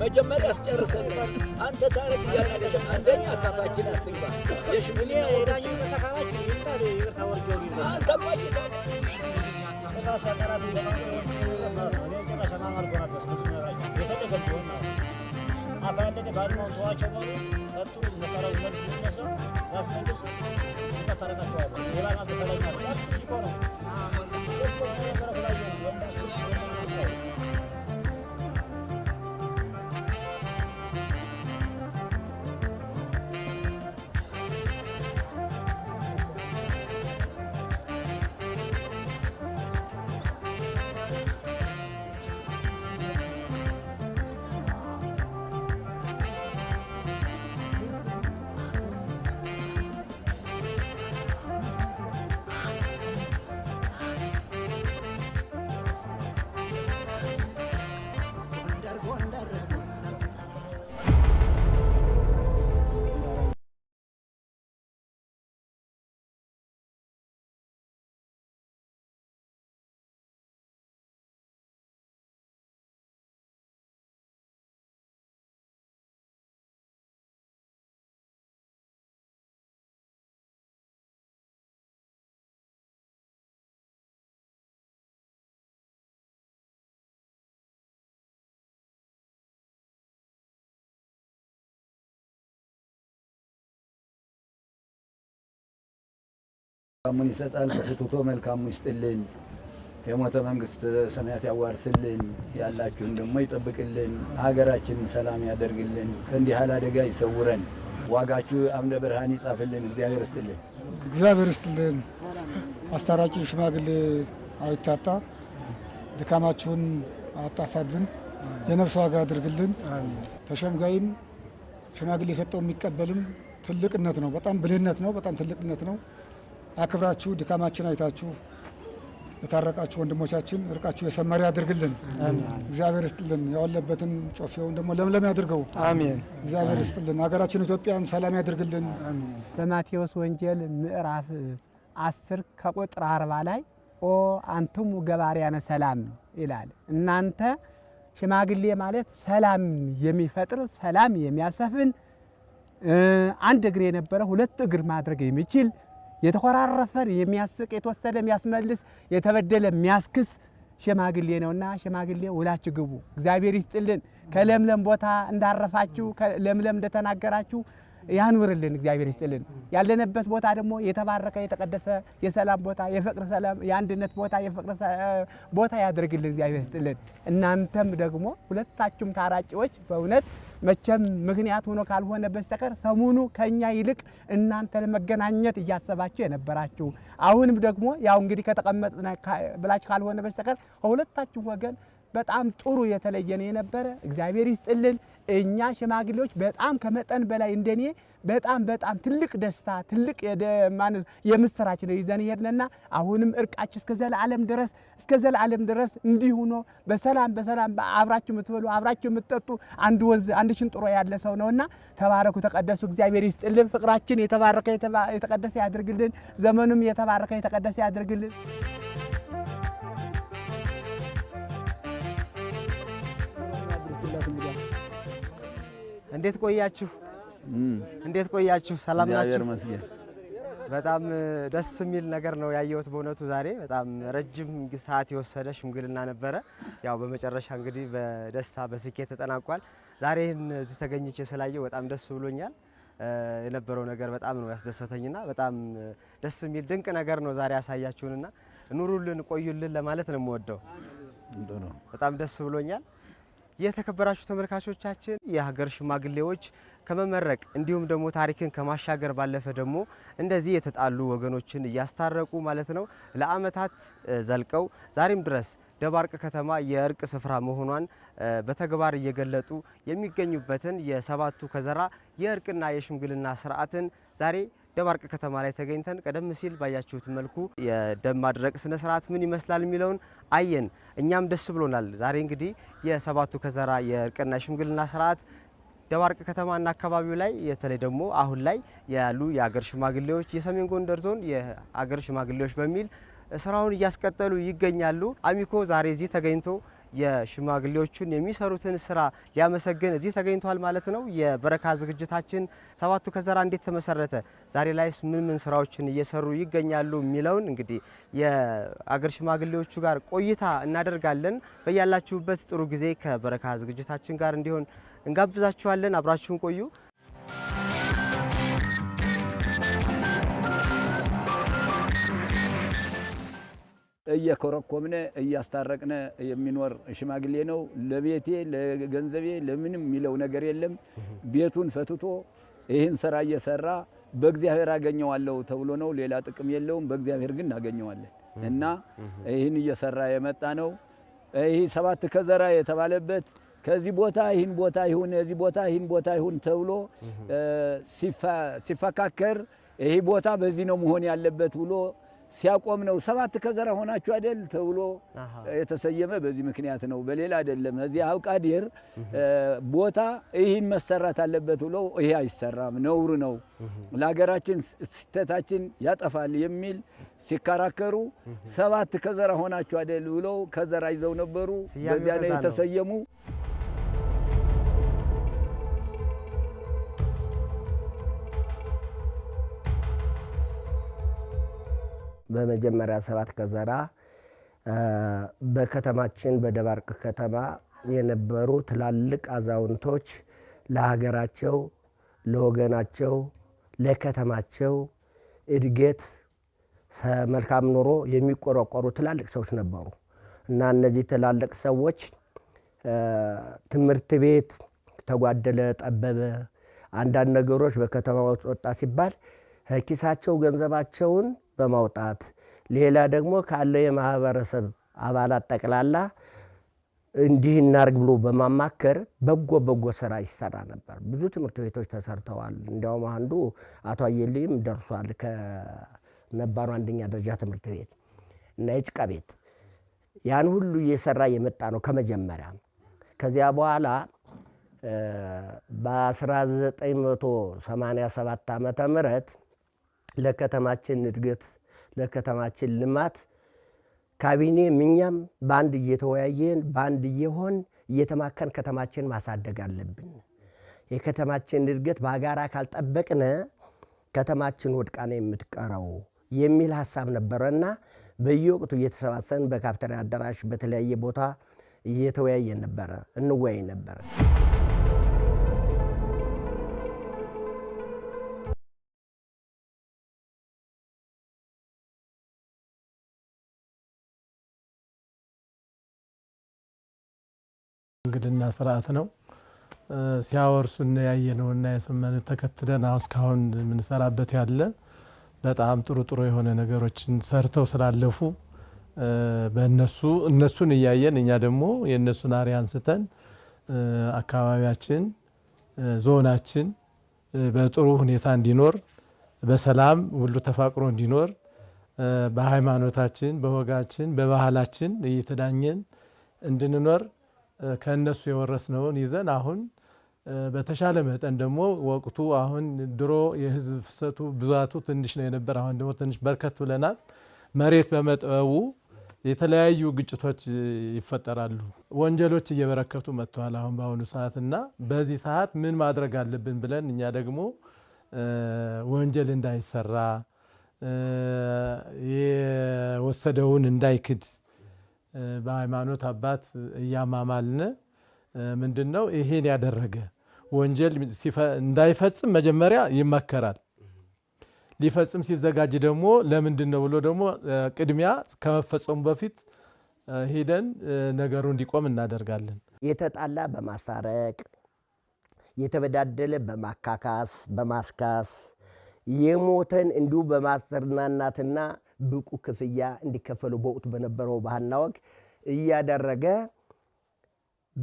መጀመሪያ አስጨርሰን አንተ ታረግ እያናገደ አንደኛ ካፋችን አትግባ የሽምግልና ምን ይሰጣል ፍትቶ መልካሙ ይስጥልን። የሞተ መንግስት ሰማያት ያዋርስልን፣ ያላችሁን ደግሞ ይጠብቅልን፣ ሀገራችንን ሰላም ያደርግልን፣ ከእንዲህ ያለ አደጋ ይሰውረን። ዋጋችሁ አምደ ብርሃን ይጻፍልን። እግዚአብሔር ይስጥልን፣ እግዚአብሔር ይስጥልን። አስታራቂ ሽማግሌ አይታጣ፣ ድካማችሁን አታሳድብን፣ የነፍስ ዋጋ አድርግልን። ተሸምጋይም ሽማግሌ የሰጠው የሚቀበልም ትልቅነት ነው። በጣም ብልህነት ነው። በጣም ትልቅነት ነው። አክብራችሁ ድካማችን አይታችሁ የታረቃችሁ ወንድሞቻችን እርቃችሁ የሰመረ ያድርግልን፣ እግዚአብሔር ይስጥልን። ያወለበትን ጮፌውን ደግሞ ለምለም ያድርገው፣ አሜን። እግዚአብሔር ይስጥልን። ሀገራችን ኢትዮጵያን ሰላም ያድርግልን። በማቴዎስ ወንጌል ምዕራፍ አስር ከቁጥር አርባ ላይ ኦ አንቱሙ ገባሪያነ ሰላም ይላል። እናንተ ሽማግሌ ማለት ሰላም የሚፈጥር ሰላም የሚያሰፍን አንድ እግር የነበረ ሁለት እግር ማድረግ የሚችል የተኮራረፈ የሚያስቅ የተወሰደ የሚያስመልስ የተበደለ የሚያስክስ ሽማግሌ ነውና ሽማግሌ ውላችሁ ግቡ። እግዚአብሔር ይስጥልን። ከለምለም ቦታ እንዳረፋችሁ ከለምለም እንደተናገራችሁ ያኑርልን፣ እግዚአብሔር ይስጥልን። ያለንበት ቦታ ደግሞ የተባረከ የተቀደሰ የሰላም ቦታ፣ የፍቅር ሰላም፣ የአንድነት ቦታ፣ የፍቅር ቦታ ያደርግልን፣ እግዚአብሔር ይስጥልን። እናንተም ደግሞ ሁለታችሁም ታራቂዎች በእውነት መቼም ምክንያት ሆኖ ካልሆነ በስተቀር ሰሞኑ ከኛ ይልቅ እናንተ ለመገናኘት እያሰባችሁ የነበራችሁ አሁንም ደግሞ ያው እንግዲህ ከተቀመጥ ብላችሁ ካልሆነ በስተቀር ከሁለታችሁ ወገን በጣም ጥሩ የተለየ ነው የነበረ እግዚአብሔር ይስጥልን። እኛ ሽማግሌዎች በጣም ከመጠን በላይ እንደኔ በጣም በጣም ትልቅ ደስታ ትልቅ የምስራች ነው ይዘን ሄድንና አሁንም እርቃችሁ እስከ ዘለዓለም ድረስ እስከ ዘለዓለም ድረስ እንዲህ ነው። በሰላም በሰላም አብራችሁ የምትበሉ አብራችሁ የምትጠጡ አንድ ወንዝ አንድ ሽንጥሮ ያለ ሰው ነውና ተባረኩ፣ ተቀደሱ። እግዚአብሔር ይስጥልን። ፍቅራችን የተባረከ የተቀደሰ ያድርግልን። ዘመኑም የተባረከ የተቀደሰ ያድርግልን። እንዴት ቆያችሁ? እንዴት ቆያችሁ? ሰላም ናችሁ? በጣም ደስ የሚል ነገር ነው ያየሁት በእውነቱ ዛሬ በጣም ረጅም ሰዓት የወሰደ ሽምግልና ነበረ። ያው በመጨረሻ እንግዲህ በደስታ በስኬት ተጠናቋል። ዛሬ ይህን እዚህ ተገኝቼ ስላየው በጣም ደስ ብሎኛል። የነበረው ነገር በጣም ነው ያስደሰተኝና በጣም ደስ የሚል ድንቅ ነገር ነው ዛሬ ያሳያችሁንና ኑሩልን፣ ቆዩልን ለማለት ነው የምወደው። በጣም ደስ ብሎኛል። የተከበራችሁ ተመልካቾቻችን የሀገር ሽማግሌዎች ከመመረቅ እንዲሁም ደግሞ ታሪክን ከማሻገር ባለፈ ደግሞ እንደዚህ የተጣሉ ወገኖችን እያስታረቁ ማለት ነው ለአመታት ዘልቀው ዛሬም ድረስ ደባርቅ ከተማ የእርቅ ስፍራ መሆኗን በተግባር እየገለጡ የሚገኙበትን የሰባቱ ከዘራ የእርቅና የሽምግልና ስርዓትን ዛሬ ደባርቅ ከተማ ላይ ተገኝተን ቀደም ሲል ባያችሁት መልኩ የደም ማድረቅ ስነ ስርዓት ምን ይመስላል የሚለውን አየን። እኛም ደስ ብሎናል። ዛሬ እንግዲህ የሰባቱ ከዘራ የእርቅና ሽምግልና ስርዓት ደባርቅ ከተማና አካባቢው ላይ በተለይ ደግሞ አሁን ላይ ያሉ የአገር ሽማግሌዎች የሰሜን ጎንደር ዞን የአገር ሽማግሌዎች በሚል ስራውን እያስቀጠሉ ይገኛሉ። አሚኮ ዛሬ እዚህ ተገኝቶ የሽማግሌዎቹን የሚሰሩትን ስራ ሊያመሰግን እዚህ ተገኝቷል ማለት ነው። የበረካ ዝግጅታችን ሰባቱ ከዘራ እንዴት ተመሰረተ፣ ዛሬ ላይስ ምን ምን ስራዎችን እየሰሩ ይገኛሉ የሚለውን እንግዲህ የአገር ሽማግሌዎቹ ጋር ቆይታ እናደርጋለን። በያላችሁበት ጥሩ ጊዜ ከበረካ ዝግጅታችን ጋር እንዲሆን እንጋብዛችኋለን። አብራችሁን ቆዩ። እየኮረኮምነ እያስታረቅነ የሚኖር ሽማግሌ ነው። ለቤቴ ለገንዘቤ ለምንም የሚለው ነገር የለም። ቤቱን ፈትቶ ይህን ስራ እየሰራ በእግዚአብሔር አገኘዋለሁ ተብሎ ነው። ሌላ ጥቅም የለውም። በእግዚአብሔር ግን እናገኘዋለን እና ይህን እየሰራ የመጣ ነው። ይህ ሰባት ከዘራ የተባለበት ከዚህ ቦታ ይህን ቦታ ይሁን የዚህ ቦታ ይህን ቦታ ይሁን ተብሎ ሲፈካከር ይህ ቦታ በዚህ ነው መሆን ያለበት ብሎ ሲያቆም ነው። ሰባት ከዘራ ሆናችሁ አይደል ተብሎ የተሰየመ በዚህ ምክንያት ነው፣ በሌላ አይደለም። እዚህ አብቃዴር ቦታ ይህን መሰራት አለበት ብሎ ይሄ አይሰራም፣ ነውር ነው፣ ለሀገራችን ስህተታችን ያጠፋል የሚል ሲከራከሩ ሰባት ከዘራ ሆናችሁ አይደል ብለው ከዘራ ይዘው ነበሩ። በዚያ ነው የተሰየሙ። በመጀመሪያ ሰባት ከዘራ በከተማችን በደባርቅ ከተማ የነበሩ ትላልቅ አዛውንቶች ለሀገራቸው፣ ለወገናቸው፣ ለከተማቸው እድገት መልካም ኑሮ የሚቆረቆሩ ትላልቅ ሰዎች ነበሩ እና እነዚህ ትላልቅ ሰዎች ትምህርት ቤት ተጓደለ፣ ጠበበ፣ አንዳንድ ነገሮች በከተማ ወጣ ሲባል ኪሳቸው ገንዘባቸውን በማውጣት ሌላ ደግሞ ካለው የማህበረሰብ አባላት ጠቅላላ እንዲህ እናርግ ብሎ በማማከር በጎ በጎ ስራ ይሰራ ነበር። ብዙ ትምህርት ቤቶች ተሰርተዋል። እንዲያውም አንዱ አቶ አየልይም ደርሷል። ከነባሩ አንደኛ ደረጃ ትምህርት ቤት እና የጭቃ ቤት ያን ሁሉ እየሰራ የመጣ ነው ከመጀመሪያ። ከዚያ በኋላ በ1987 ዓ ም ለከተማችን እድገት፣ ለከተማችን ልማት ካቢኔ ምኛም በአንድ እየተወያየን በአንድ እየሆን እየተማከን ከተማችን ማሳደግ አለብን። የከተማችን እድገት በጋራ ካልጠበቅን ከተማችን ወድቃ ነው የምትቀረው የሚል ሀሳብ ነበረና በየወቅቱ እየተሰባሰብን በካፍተሪ አዳራሽ፣ በተለያየ ቦታ እየተወያየን ነበረ፣ እንወያይ ነበረ። የሽምግልና ስርዓት ነው። ሲያወርሱና እና የሰማነው ተከትለን እስካሁን የምንሰራበት ያለ በጣም ጥሩ ጥሩ የሆነ ነገሮችን ሰርተው ስላለፉ በእነሱ እነሱን እያየን እኛ ደግሞ የእነሱን አርያ አንስተን አካባቢያችን ዞናችን በጥሩ ሁኔታ እንዲኖር በሰላም ሁሉ ተፋቅሮ እንዲኖር በሃይማኖታችን፣ በወጋችን፣ በባህላችን እየተዳኘን እንድንኖር ከእነሱ የወረስነውን ይዘን አሁን በተሻለ መጠን ደግሞ ወቅቱ አሁን ድሮ የህዝብ ፍሰቱ ብዛቱ ትንሽ ነው የነበር። አሁን ደግሞ ትንሽ በርከት ብለናል። መሬት በመጥበቡ የተለያዩ ግጭቶች ይፈጠራሉ። ወንጀሎች እየበረከቱ መጥተዋል አሁን በአሁኑ ሰዓት እና በዚህ ሰዓት ምን ማድረግ አለብን ብለን እኛ ደግሞ ወንጀል እንዳይሰራ የወሰደውን እንዳይክድ በሃይማኖት አባት እያማማልን ምንድን ነው ይሄን ያደረገ ወንጀል እንዳይፈጽም መጀመሪያ ይመከራል። ሊፈጽም ሲዘጋጅ ደግሞ ለምንድን ነው ብሎ ደግሞ ቅድሚያ ከመፈጸሙ በፊት ሄደን ነገሩ እንዲቆም እናደርጋለን። የተጣላ በማሳረቅ የተበዳደለ በማካካስ በማስካስ የሞተን እንዲሁ በማስተርናናትና ብቁ ክፍያ እንዲከፈሉ በወቅቱ በነበረው ባህልና ወግ እያደረገ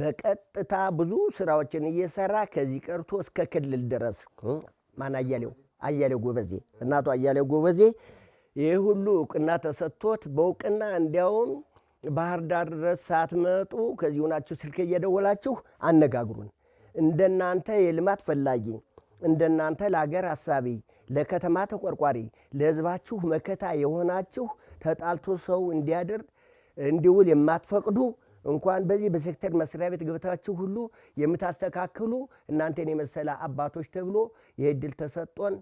በቀጥታ ብዙ ስራዎችን እየሰራ ከዚህ ቀርቶ እስከ ክልል ድረስ ማን አያሌው አያሌው ጎበዜ እናቱ አያሌው ጎበዜ ይህ ሁሉ እውቅና ተሰጥቶት በእውቅና እንዲያውም ባህር ዳር ድረስ ሳትመጡ ከዚህ ናችሁ ስልክ እየደወላችሁ አነጋግሩን። እንደናንተ የልማት ፈላጊ እንደናንተ ለሀገር አሳቢ ለከተማ ተቆርቋሪ ለህዝባችሁ መከታ የሆናችሁ ተጣልቶ ሰው እንዲያድር እንዲውል የማትፈቅዱ እንኳን በዚህ በሴክተር መስሪያ ቤት ገብታችሁ ሁሉ የምታስተካክሉ እናንተን የመሰለ አባቶች ተብሎ ይህ ዕድል ተሰጦን፣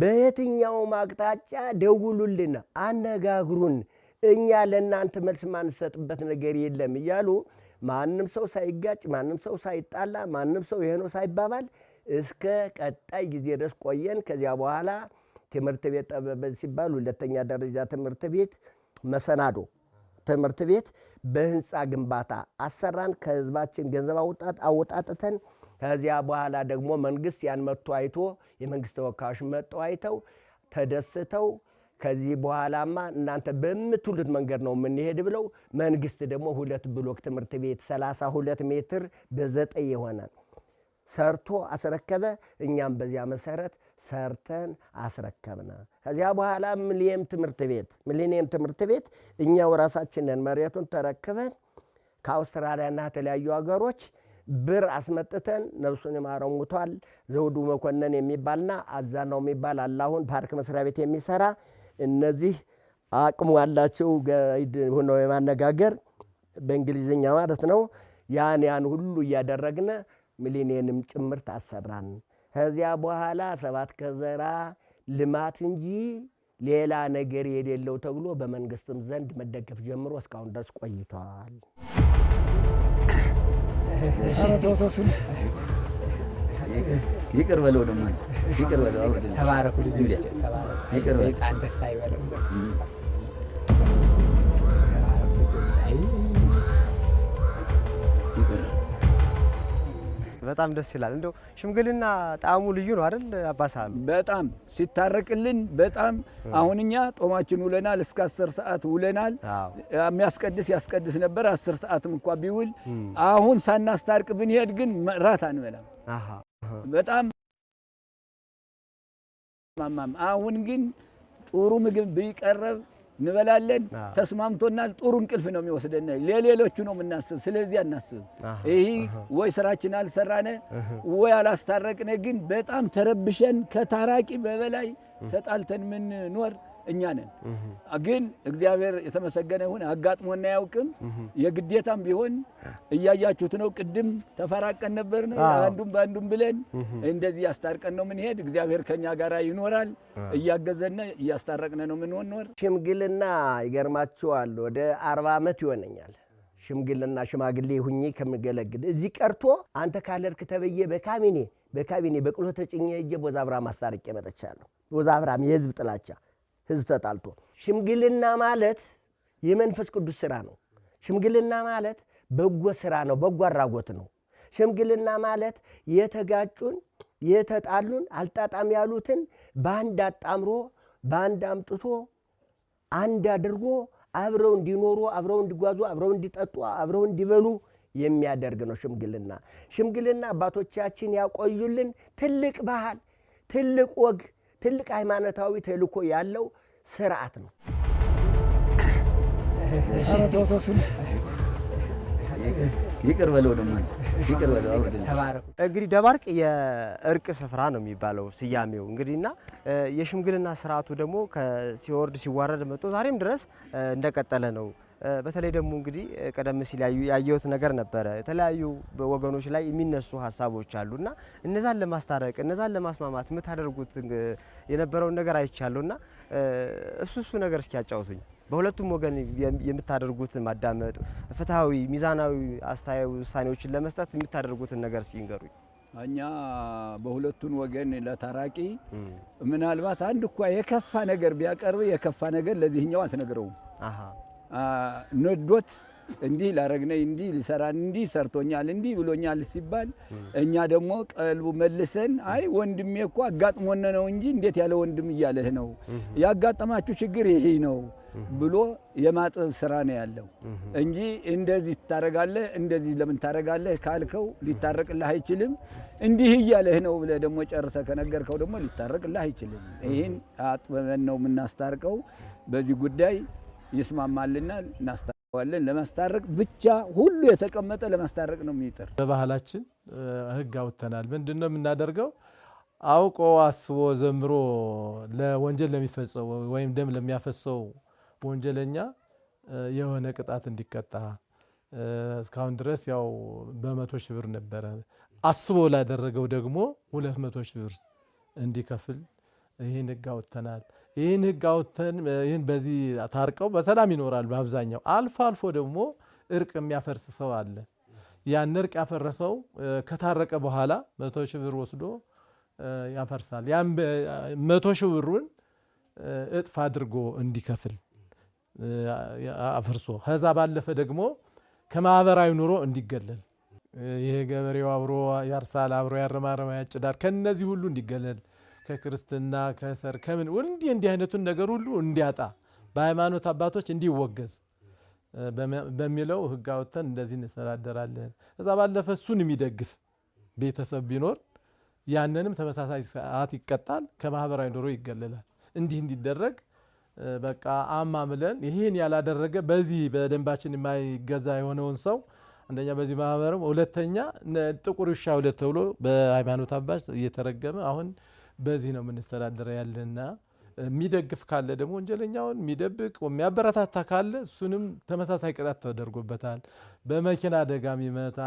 በየትኛውም አቅጣጫ ደውሉልን፣ አነጋግሩን፣ እኛ ለእናንተ መልስ ማንሰጥበት ነገር የለም እያሉ ማንም ሰው ሳይጋጭ፣ ማንም ሰው ሳይጣላ፣ ማንም ሰው ይሄ ነው ሳይባባል እስከ ቀጣይ ጊዜ ድረስ ቆየን። ከዚያ በኋላ ትምህርት ቤት ሲባል ሁለተኛ ደረጃ ትምህርት ቤት መሰናዶ ትምህርት ቤት በህንፃ ግንባታ አሰራን። ከህዝባችን ገንዘብ አወጣጥተን ከዚያ በኋላ ደግሞ መንግስት ያን መጥቶ አይቶ የመንግስት ተወካዮች መጥተው አይተው ተደስተው ከዚህ በኋላማ እናንተ በምትሉት መንገድ ነው የምንሄድ ብለው መንግስት ደግሞ ሁለት ብሎክ ትምህርት ቤት 32 ሜትር በዘጠኝ የሆነ ሰርቶ አስረከበ። እኛም በዚያ መሰረት ሰርተን አስረከብነ። ከዚያ በኋላ ሚሊኒየም ትምህርት ቤት ሚሊኒየም ትምህርት ቤት እኛው ራሳችንን መሬቱን ተረክበን ከአውስትራሊያና ከተለያዩ ሀገሮች ብር አስመጥተን ነፍሱን ይማረው ሞቷል። ዘውዱ መኮንን የሚባልና አዛናው የሚባል አላሁን ፓርክ መስሪያ ቤት የሚሰራ እነዚህ አቅሙ ያላቸው ጋይድ ሆነው የማነጋገር በእንግሊዝኛ ማለት ነው። ያን ያን ሁሉ እያደረግነ ምሊኔንም ጭምርት አሰራን ከዚያ በኋላ ሰባት ከዘራ ልማት እንጂ ሌላ ነገር የሌለው ተብሎ በመንግስትም ዘንድ መደገፍ ጀምሮ እስካሁን ድረስ ቆይቷል። ይቅር በለው ይቅር በለው ተባረኩ ደስ አይበለው። በጣም ደስ ይላል። እንደው ሽምግልና ጣዕሙ ልዩ ነው አይደል? አባሳሉ በጣም ሲታረቅልን በጣም አሁን እኛ ጦማችን ውለናል፣ እስከ አስር ሰዓት ውለናል። የሚያስቀድስ ያስቀድስ ነበር አስር ሰዓትም እንኳ ቢውል። አሁን ሳናስታርቅ ብንሄድ ግን ራት አንበላም። በጣም አሁን ግን ጥሩ ምግብ ቢቀረብ እንበላለን ተስማምቶናል። ጥሩ እንቅልፍ ነው የሚወስደን። ለሌሎቹ ነው የምናስብ፣ ስለዚህ አናስብም። ይህ ወይ ስራችን አልሰራነ ወይ አላስታረቅነ። ግን በጣም ተረብሸን ከታራቂ በበላይ ተጣልተን ምንኖር እኛ ነን። ግን እግዚአብሔር የተመሰገነ ይሁን አጋጥሞና ያውቅም። የግዴታም ቢሆን እያያችሁት ነው። ቅድም ተፈራቀን ነበርን፣ አንዱም በአንዱም ብለን እንደዚህ ያስታርቀን ነው ምንሄድ። እግዚአብሔር ከእኛ ጋር ይኖራል፣ እያገዘን እያስታረቅን ነው ምንሆን ኖር ሽምግልና ይገርማችኋል፣ ወደ አርባ ዓመት ይሆነኛል ሽምግልና ሽማግሌ ሁኜ ከምገለግል እዚህ ቀርቶ አንተ ካለርክ ተበየ በካቢኔ በካቢኔ በቅሎ ተጭኜ እጄ ቦዛብራም አስታርቄ መጥቻለሁ። ቦዛብራም የህዝብ ጥላቻ ህዝብ ተጣልቶ። ሽምግልና ማለት የመንፈስ ቅዱስ ስራ ነው። ሽምግልና ማለት በጎ ስራ ነው፣ በጎ አድራጎት ነው። ሽምግልና ማለት የተጋጩን የተጣሉን አልጣጣም ያሉትን በአንድ አጣምሮ በአንድ አምጥቶ አንድ አድርጎ አብረው እንዲኖሩ አብረው እንዲጓዙ አብረው እንዲጠጡ አብረው እንዲበሉ የሚያደርግ ነው ሽምግልና። ሽምግልና አባቶቻችን ያቆዩልን ትልቅ ባህል፣ ትልቅ ወግ፣ ትልቅ ሃይማኖታዊ ተልእኮ ያለው ስርዓት ነው። ይቅር በለው ይቅር በለው እንግዲህ ደባርቅ የእርቅ ስፍራ ነው የሚባለው ስያሜው እንግዲህና የሽምግልና ስርዓቱ ደግሞ ሲወርድ ሲዋረድ መጥቶ ዛሬም ድረስ እንደቀጠለ ነው። በተለይ ደግሞ እንግዲህ ቀደም ሲል ያየሁት ነገር ነበረ። የተለያዩ ወገኖች ላይ የሚነሱ ሀሳቦች አሉ እና እነዛን ለማስታረቅ እነዛን ለማስማማት የምታደርጉት የነበረውን ነገር አይቻለሁና እሱ እሱ ነገር እስኪያጫውቱኝ በሁለቱም ወገን የምታደርጉትን ማዳመጥ፣ ፍትሐዊ ሚዛናዊ አስተያዩ ውሳኔዎችን ለመስጠት የምታደርጉትን ነገር ንገሩኝ። እኛ በሁለቱን ወገን ለታራቂ ምናልባት አንድ እኳ የከፋ ነገር ቢያቀርብ የከፋ ነገር ለዚህኛው አትነግረውም ነዶት እንዲህ ላረግነኝ እንዲህ ሊሰራን እንዲህ ሰርቶኛል እንዲህ ብሎኛል ሲባል እኛ ደግሞ ቀልቡ መልሰን አይ ወንድሜ እኮ አጋጥሞነ ነው እንጂ እንዴት ያለ ወንድም እያለህ ነው ያጋጠማችሁ ችግር ይሄ ነው ብሎ የማጥበብ ስራ ነው ያለው እንጂ እንደዚህ ታረጋለህ እንደዚህ ለምን ታረጋለህ ካልከው ሊታረቅልህ አይችልም። እንዲህ እያለህ ነው ብለህ ደግሞ ጨርሰህ ከነገርከው ደግሞ ሊታረቅልህ አይችልም። ይህን አጥበበን ነው የምናስታርቀው በዚህ ጉዳይ ይስማማልናል፣ እናስታርቀዋለን። ለማስታረቅ ብቻ ሁሉ የተቀመጠ ለማስታረቅ ነው የሚጥር። በባህላችን ህግ አውጥተናል። ምንድን ነው የምናደርገው? አውቆ አስቦ ዘምሮ ለወንጀል ለሚፈጸው ወይም ደም ለሚያፈሰው ወንጀለኛ የሆነ ቅጣት እንዲቀጣ እስካሁን ድረስ ያው በመቶ ሺህ ብር ነበረ። አስቦ ላደረገው ደግሞ ሁለት መቶ ሺህ ብር እንዲከፍል ይህን ህግ አውጥተናል። ይህን ህግ አውጥተን ይህን በዚህ ታርቀው በሰላም ይኖራሉ። በአብዛኛው አልፎ አልፎ ደግሞ እርቅ የሚያፈርስ ሰው አለ። ያን እርቅ ያፈረሰው ከታረቀ በኋላ መቶ ሺህ ብር ወስዶ ያፈርሳል። ያን መቶ ሺህ ብሩን እጥፍ አድርጎ እንዲከፍል አፍርሶ ከዛ ባለፈ ደግሞ ከማህበራዊ ኑሮ እንዲገለል ይሄ ገበሬው አብሮ ያርሳል፣ አብሮ ያረማረማ፣ ያጭዳል ከነዚህ ሁሉ እንዲገለል ከክርስትና ከሰር ከምን እንዲህ እንዲህ አይነቱን ነገር ሁሉ እንዲያጣ በሃይማኖት አባቶች እንዲወገዝ በሚለው ህግ አውጥተን እንደዚህ እንስተዳደራለን። እዛ ባለፈ እሱን የሚደግፍ ቤተሰብ ቢኖር ያንንም ተመሳሳይ ሰዓት ይቀጣል፣ ከማህበራዊ ኑሮ ይገለላል። እንዲህ እንዲደረግ በቃ አማምለን ይህን ያላደረገ በዚህ በደንባችን የማይገዛ የሆነውን ሰው አንደኛ በዚህ ማህበርም፣ ሁለተኛ ጥቁር ውሻ ሁለት ተብሎ በሃይማኖት አባቶች እየተረገመ አሁን በዚህ ነው የምንስተዳደረ ያለና የሚደግፍ ካለ ደግሞ ወንጀለኛውን የሚደብቅ የሚያበረታታ ካለ እሱንም ተመሳሳይ ቅጣት ተደርጎበታል። በመኪና አደጋ የሚመታ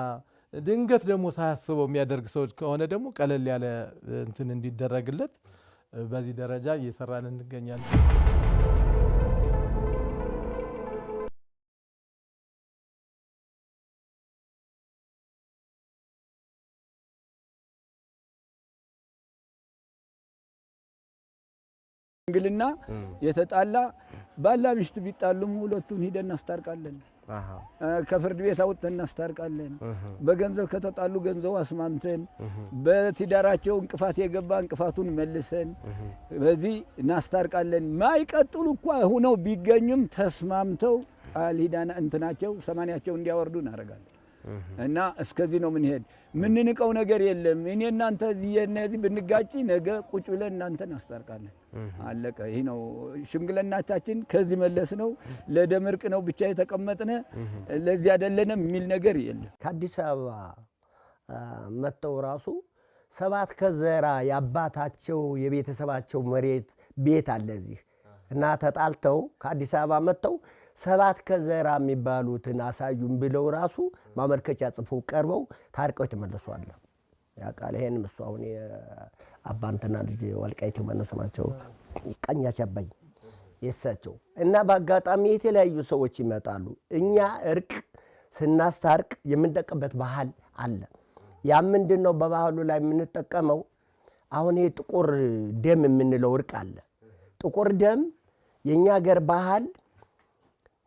ድንገት ደግሞ ሳያስበው የሚያደርግ ሰው ከሆነ ደግሞ ቀለል ያለ እንትን እንዲደረግለት በዚህ ደረጃ እየሰራን እንገኛለን። ሽምግልና የተጣላ ባላ ሚስት ቢጣሉም ሁለቱን ሂደን እናስታርቃለን። ከፍርድ ቤት አውጥተን እናስታርቃለን። በገንዘብ ከተጣሉ ገንዘቡ አስማምተን፣ በትዳራቸው እንቅፋት የገባ እንቅፋቱን መልሰን በዚህ እናስታርቃለን። ማይቀጥሉ እኳ ሁነው ቢገኙም ተስማምተው ቃል እንትናቸው ሰማንያቸው እንዲያወርዱ እናደርጋለን። እና እስከዚህ ነው ምንሄድ። ምንንቀው ነገር የለም። እኔ እናንተ እዚህ ብንጋጭ ነገ ቁጭ ብለን እናንተ እናስታርቃለን። አለቀ። ይህ ነው ሽምግልናታችን። ከዚህ መለስ ነው ለደምርቅ ነው ብቻ የተቀመጥነ ለዚህ አይደለነ የሚል ነገር የለም። ከአዲስ አበባ መጥተው ራሱ ሰባት ከዘራ የአባታቸው የቤተሰባቸው መሬት ቤት አለ እዚህ እና ተጣልተው ከአዲስ አበባ መጥተው ሰባት ከዘራ የሚባሉትን አሳዩም ብለው ራሱ ማመልከቻ ጽፈው ቀርበው ታርቀው የተመለሱ አለ። ያውቃል። ይሄን እሱ አሁን አባንተና ልጅ ወልቃይት መነሰማቸው ቀኛች አባይ የሳቸው እና በአጋጣሚ የተለያዩ ሰዎች ይመጣሉ። እኛ እርቅ ስናስታርቅ የምንጠቀምበት ባህል አለ። ያ ምንድን ነው? በባህሉ ላይ የምንጠቀመው አሁን ይሄ ጥቁር ደም የምንለው እርቅ አለ። ጥቁር ደም የእኛ ሀገር ባህል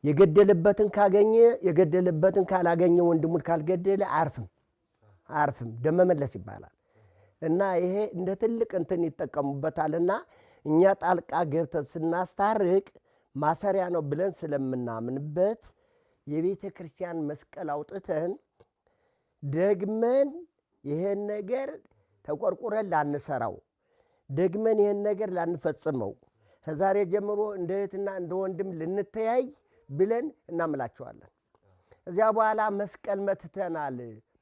የገደለበትን ካገኘ የገደለበትን ካላገኘ ወንድሙን ካልገደለ አያርፍም። አርፍም ደመ መለስ ይባላል እና ይሄ እንደ ትልቅ እንትን ይጠቀሙበታል እኛ ጣልቃ ገብተን ስናስታርቅ ማሰሪያ ነው ብለን ስለምናምንበት የቤተ ክርስቲያን መስቀል አውጥተን ደግመን ይሄን ነገር ተቆርቁረን ላንሰራው ደግመን ይህን ነገር ላንፈጽመው ከዛሬ ጀምሮ እንደ እህትና እንደ ወንድም ልንተያይ ብለን እናምላቸዋለን። እዚያ በኋላ መስቀል መትተናል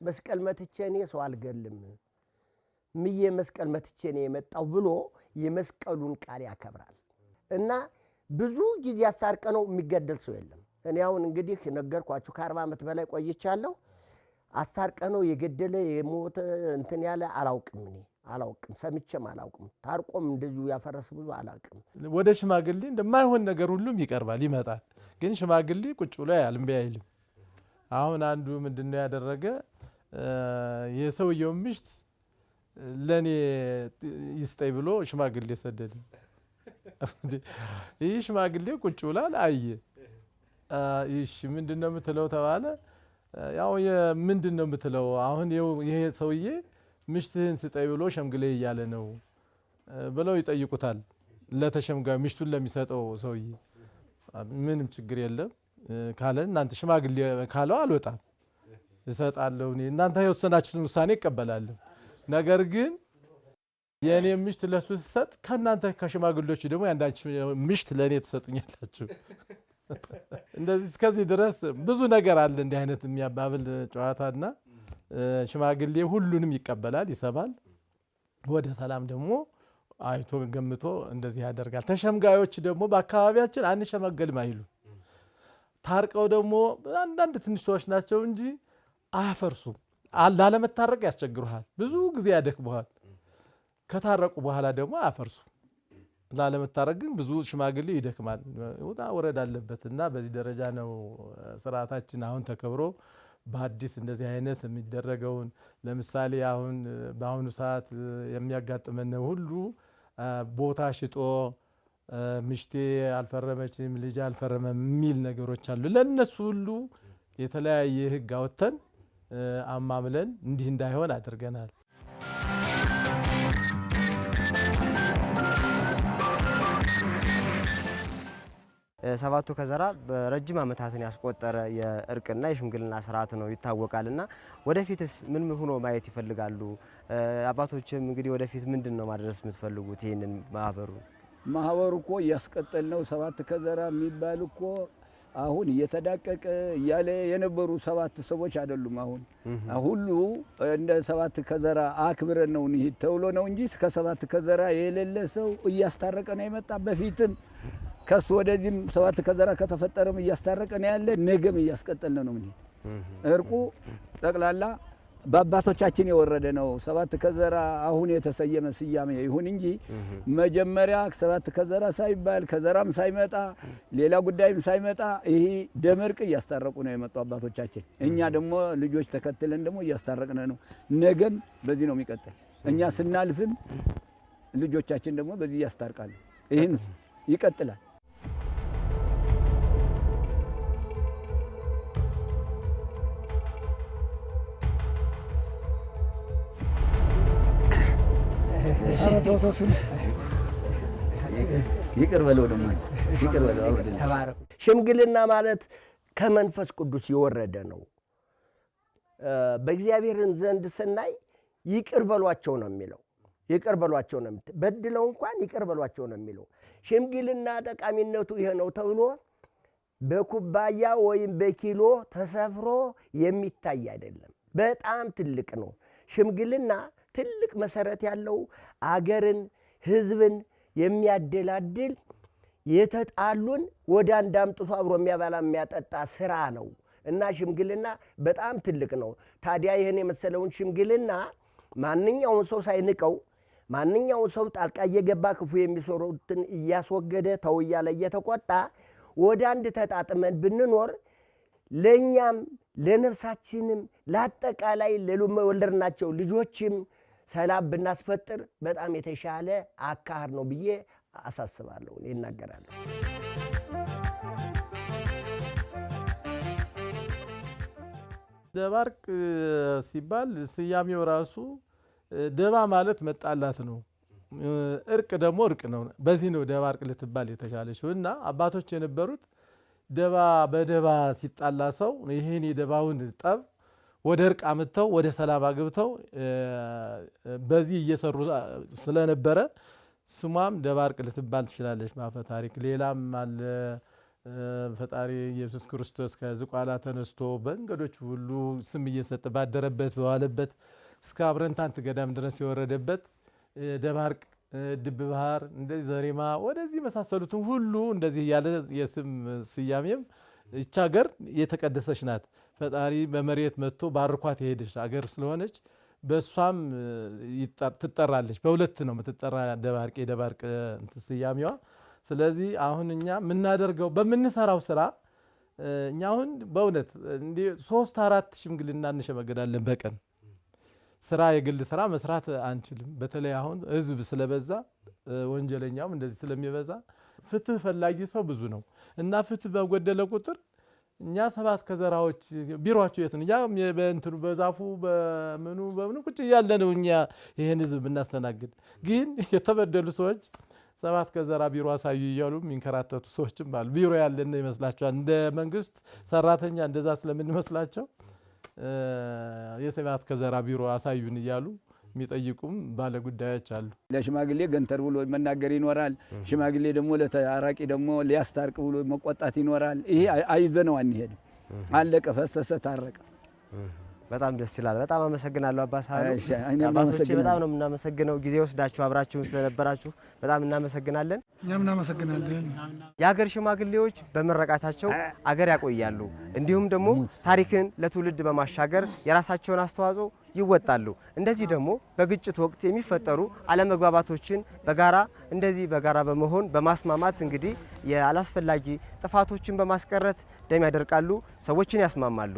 መስቀል መትቼ እኔ ሰው አልገልም ምዬ መስቀል መትቼ ነው የመጣው ብሎ የመስቀሉን ቃል ያከብራል እና ብዙ ጊዜ ያሳርቀ ነው የሚገደል ሰው የለም። እኔ አሁን እንግዲህ ነገርኳችሁ ከአርባ ዓመት በላይ ቆይቻለሁ። አስታርቀ ነው የገደለ የሞተ እንትን ያለ አላውቅም እኔ አላውቅም ሰምቼም አላውቅም። ታርቆም እንደዚሁ ያፈረስ ብዙ አላውቅም። ወደ ሽማግሌ እንደማይሆን ነገር ሁሉም ይቀርባል ይመጣል። ግን ሽማግሌ ቁጭ ብሎ ያልም አይልም። አሁን አንዱ ምንድነው ያደረገ የሰውየውን ምሽት ለእኔ ይስጠኝ ብሎ ሽማግሌ ሰደደ። ይህ ሽማግሌ ቁጭ ብላል አየ። ይሽ ምንድን ነው የምትለው ተባለ። ያው ምንድን ነው የምትለው አሁን ይሄ ሰውዬ ምሽትህን ስጠኝ ብሎ ሸምግሌ እያለ ነው ብለው ይጠይቁታል። ለተሸምጋ ምሽቱን ለሚሰጠው ሰውዬ ምንም ችግር የለም ካለ እናንተ ሽማግሌ ካለው አልወጣም እሰጣለሁ። እኔ እናንተ የወሰናችሁትን ውሳኔ እቀበላለሁ። ነገር ግን የእኔ ምሽት ለሱ ስሰጥ ከእናንተ ከሽማግሌዎች ደግሞ ያንዳችሁ ምሽት ለእኔ ትሰጡኛላችሁ። እንደዚህ እስከዚህ ድረስ ብዙ ነገር አለ። እንዲህ አይነት የሚያባብል ጨዋታና ሽማግሌ ሁሉንም ይቀበላል፣ ይሰባል። ወደ ሰላም ደግሞ አይቶ ገምቶ እንደዚህ ያደርጋል። ተሸምጋዮች ደግሞ በአካባቢያችን አንሸመገልም አይሉ ታርቀው ደግሞ አንዳንድ ትንሽ ሰዎች ናቸው እንጂ አያፈርሱም። ላለመታረቅ ያስቸግሩሃል፣ ብዙ ጊዜ ያደክመሃል። ከታረቁ በኋላ ደግሞ አፈርሱ ላለመታረቅ ግን ብዙ ሽማግሌ ይደክማል። ውጣ ወረድ አለበት እና በዚህ ደረጃ ነው ስርዓታችን አሁን ተከብሮ በአዲስ እንደዚህ አይነት የሚደረገውን ለምሳሌ አሁን በአሁኑ ሰዓት የሚያጋጥመን ሁሉ ቦታ ሽጦ ምሽቴ አልፈረመችም ልጅ አልፈረመም የሚል ነገሮች አሉ። ለእነሱ ሁሉ የተለያየ ህግ አወጥተን አማምለን እንዲህ እንዳይሆን አድርገናል። ሰባቱ ከዘራ በረጅም ዓመታትን ያስቆጠረ የእርቅና የሽምግልና ስርዓት ነው ይታወቃልና ወደፊትስ ምን ሆኖ ማየት ይፈልጋሉ? አባቶችም እንግዲህ ወደፊት ምንድን ነው ማድረስ የምትፈልጉት? ይህንን ማህበሩ ማህበሩ እኮ እያስቀጠል ነው። ሰባት ከዘራ የሚባል እኮ አሁን እየተዳቀቀ እያለ የነበሩ ሰባት ሰዎች አይደሉም። አሁን ሁሉ እንደ ሰባት ከዘራ አክብረን ነው እንሂድ ተብሎ ነው እንጂ ከሰባት ከዘራ የሌለ ሰው እያስታረቀ ነው የመጣ። በፊትም ከሱ ወደዚህም ሰባት ከዘራ ከተፈጠረም እያስታረቀ ነው ያለ፣ ነገም እያስቀጠለ ነው። እርቁ ጠቅላላ በአባቶቻችን የወረደ ነው። ሰባት ከዘራ አሁን የተሰየመ ስያሜ ይሁን እንጂ መጀመሪያ ሰባት ከዘራ ሳይባል ከዘራም ሳይመጣ ሌላ ጉዳይም ሳይመጣ ይህ ደመርቅ እያስታረቁ ነው የመጡ አባቶቻችን። እኛ ደግሞ ልጆች ተከትለን ደግሞ እያስታረቅነ ነው። ነገም በዚህ ነው የሚቀጥል። እኛ ስናልፍም ልጆቻችን ደግሞ በዚህ ያስታርቃሉ። ይህን ይቀጥላል። ይቅር በለው ደሞ ይቅር በለው አውርድልህ። ሽምግልና ማለት ከመንፈስ ቅዱስ የወረደ ነው። በእግዚአብሔርን ዘንድ ስናይ ይቅር በሏቸው ነው የሚለው። ይቅር በሏቸው ነው በድለው እንኳን ይቅር በሏቸው ነው የሚለው። ሽምግልና ጠቃሚነቱ ይሄ ነው ተብሎ በኩባያ ወይም በኪሎ ተሰፍሮ የሚታይ አይደለም። በጣም ትልቅ ነው ሽምግልና ትልቅ መሰረት ያለው አገርን፣ ህዝብን የሚያደላድል የተጣሉን ወደ አንድ አምጥቶ አብሮ የሚያበላ የሚያጠጣ ስራ ነው እና ሽምግልና በጣም ትልቅ ነው። ታዲያ ይህን የመሰለውን ሽምግልና ማንኛውን ሰው ሳይንቀው ማንኛውን ሰው ጣልቃ እየገባ ክፉ የሚሰሩትን እያስወገደ ተው እያለ እየተቆጣ ወደ አንድ ተጣጥመን ብንኖር ለእኛም ለነፍሳችንም ለአጠቃላይ ለወለድናቸው ልጆችም ሰላም ብናስፈጥር በጣም የተሻለ አካህር ነው ብዬ አሳስባለሁ፣ ይናገራለሁ። ደባርቅ ሲባል ስያሜው ራሱ ደባ ማለት መጣላት ነው። እርቅ ደግሞ እርቅ ነው። በዚህ ነው ደባርቅ ልትባል የተሻለችው እና አባቶች የነበሩት ደባ በደባ ሲጣላ ሰው ይህን የደባውን ጠብ ወደ እርቅ አምጥተው ወደ ሰላም አግብተው በዚህ እየሰሩ ስለነበረ ስሟም ደባርቅ ልትባል ትችላለች። በአፈ ታሪክ ሌላም አለ። ፈጣሪ ኢየሱስ ክርስቶስ ከዝቋላ ተነስቶ በእንገዶች ሁሉ ስም እየሰጠ ባደረበት በዋለበት እስከ አብረንታንት ገዳም ድረስ የወረደበት ደባርቅ፣ ድብ ባህር፣ እንደዚህ ዘሬማ ወደዚህ መሳሰሉትም ሁሉ እንደዚህ ያለ የስም ስያሜም ይቻገር የተቀደሰች ናት። ፈጣሪ በመሬት መጥቶ ባርኳት የሄደች አገር ስለሆነች በእሷም ትጠራለች። በሁለት ነው የምትጠራ ደባርቅ የደባርቅ ስያሜዋ። ስለዚህ አሁን እኛ የምናደርገው በምንሰራው ስራ እኛ አሁን በእውነት እንዲህ ሶስት አራት ሽምግልና እንሸመገዳለን በቀን ስራ የግል ስራ መስራት አንችልም። በተለይ አሁን ህዝብ ስለበዛ ወንጀለኛውም እንደዚህ ስለሚበዛ ፍትህ ፈላጊ ሰው ብዙ ነው እና ፍትህ በጎደለ ቁጥር እኛ ሰባት ከዘራዎች ቢሮቸው የት ነው? እኛ በእንትኑ በዛፉ በምኑ በምኑ ቁጭ እያለ ነው እኛ ይህን ህዝብ ብናስተናግድ። ግን የተበደሉ ሰዎች ሰባት ከዘራ ቢሮ አሳዩ እያሉ የሚንከራተቱ ሰዎችም አሉ። ቢሮ ያለን ይመስላቸዋል። እንደ መንግስት ሰራተኛ እንደዛ ስለምንመስላቸው የሰባት ከዘራ ቢሮ አሳዩን እያሉ የሚጠይቁም ባለ ጉዳዮች አሉ። ለሽማግሌ ገንተር ብሎ መናገር ይኖራል። ሽማግሌ ደግሞ ለአራቂ ደግሞ ሊያስታርቅ ብሎ መቆጣት ይኖራል። ይሄ አይዘነው አንሄድም። አለቀ፣ ፈሰሰ፣ ታረቀ። በጣም ደስ ይላል። በጣም አመሰግናለሁ አባ ሳህሉ። በጣም ነው የምናመሰግነው ጊዜ ወስዳችሁ አብራችሁን ስለነበራችሁ በጣም እናመሰግናለን። እኛም እናመሰግናለን። የሀገር ሽማግሌዎች በመረቃታቸው አገር ያቆያሉ፣ እንዲሁም ደግሞ ታሪክን ለትውልድ በማሻገር የራሳቸውን አስተዋጽኦ ይወጣሉ። እንደዚህ ደግሞ በግጭት ወቅት የሚፈጠሩ አለመግባባቶችን በጋራ እንደዚህ በጋራ በመሆን በማስማማት እንግዲህ የአላስፈላጊ ጥፋቶችን በማስቀረት ደም ያደርቃሉ፣ ሰዎችን ያስማማሉ።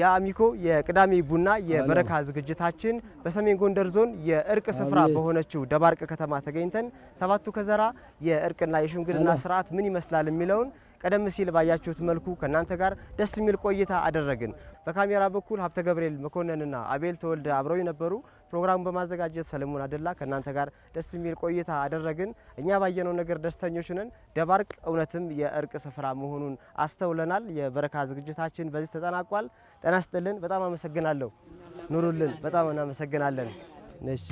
የአሚኮ የቅዳሜ ቡና የበረካ ዝግጅታችን በሰሜን ጎንደር ዞን የእርቅ ስፍራ በሆነችው ደባርቅ ከተማ ተገኝተን ሰባቱ ከዘራ የእርቅና የሽምግልና ስርዓት ምን ይመስላል የሚለውን ቀደም ሲል ባያችሁት መልኩ ከእናንተ ጋር ደስ የሚል ቆይታ አደረግን። በካሜራ በኩል ሀብተ ገብርኤል መኮንንና አቤል ተወልደ አብረው የነበሩ ፕሮግራሙን በማዘጋጀት ሰለሞን አደላ ከእናንተ ጋር ደስ የሚል ቆይታ አደረግን። እኛ ባየነው ነገር ደስተኞች ነን። ደባርቅ እውነትም የእርቅ ስፍራ መሆኑን አስተውለናል። የበረካ ዝግጅታችን በዚህ ተጠናቋል። ጤና ይስጥልን። በጣም አመሰግናለሁ። ኑሩልን። በጣም እናመሰግናለን። እሺ